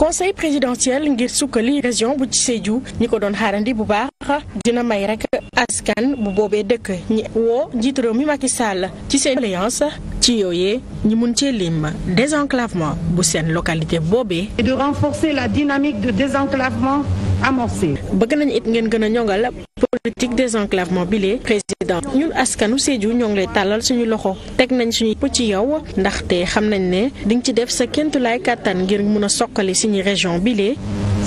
conseil présidentiel ngir sukkali région bu ci Sédhiou ñi ko doon xaarandi bu baax dina may rek askan bu boobee dëkk ñi woo njiitu mi Macky Sall ci seen alliance ci yooyee ñi mun cee lim désenclavement bu seen localité boobee. et de renforcer la dynamique de désenclavement amorcée. bëgg nañu it ngeen gën a ñongal politique désenclavement bile président ñun askanu Sédhiou ñoo ngi lay tàllal suñu loxo teg nañ suñu po ci yow ndaxte xam nañ ne di nga ci def sa kéemtulaay kàttan ngir mun a soqali suñu région bile.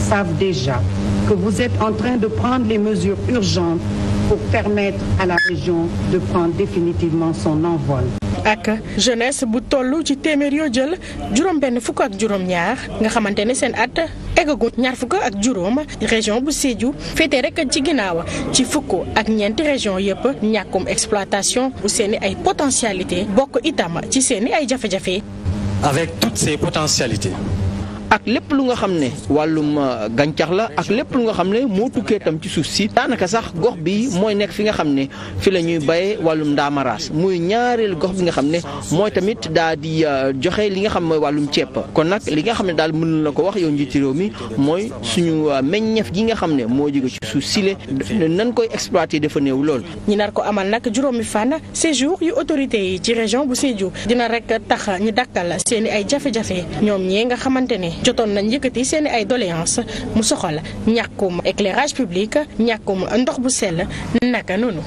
savent déjà que vous êtes en train de prendre les mesures urgentes pour permettre à la région de prendre définitivement son envol. ak jeunesse bu toll ci téeméer yoo jël juróom benn fukk ak juróom ñaar nga xamante ne seen at eggagu ñaar fukk ak juróom région bu Sédhiou féete rek ci ginnaaw ci fukk ak ñeenti région yëpp ñàkkum exploitation bu seeni ay potentialité bokk itam ci seeni ay jafe-jafe. avec toutes ces potentialités. ak lépp lu nga xam ne wàllum euh, gàncax la ak lépp lu xam ne moo tukkee tam ci suuf si daanaka sax gox bi mooy nekk fi nga xam ne fi la ñuy bayee wàllum ndaamaraas mooy ñaareelu gox bi nga xam ne mooy tamit daal di euh, joxe li nga xam mooy wàllum ceeb kon nag li nga xam ne daal mën na ko wax yow njiiti réew mi mooy suñu euh, meññeef gi nga xam ne moo jóge ci suuf sile nan koy exploité dafa néew lool. ñi naar ko amal nag juróomi fan séjour yu autorité yi ci région bu Sédhiou dina rek tax ñu dakkal seeni ay jafe-jafe ñoom ñee nga xamante jotoon na yëkkati seen i ay doléance mu soxal ñàkkum éclairage public ñàkkum ndox bu sell naka noonu.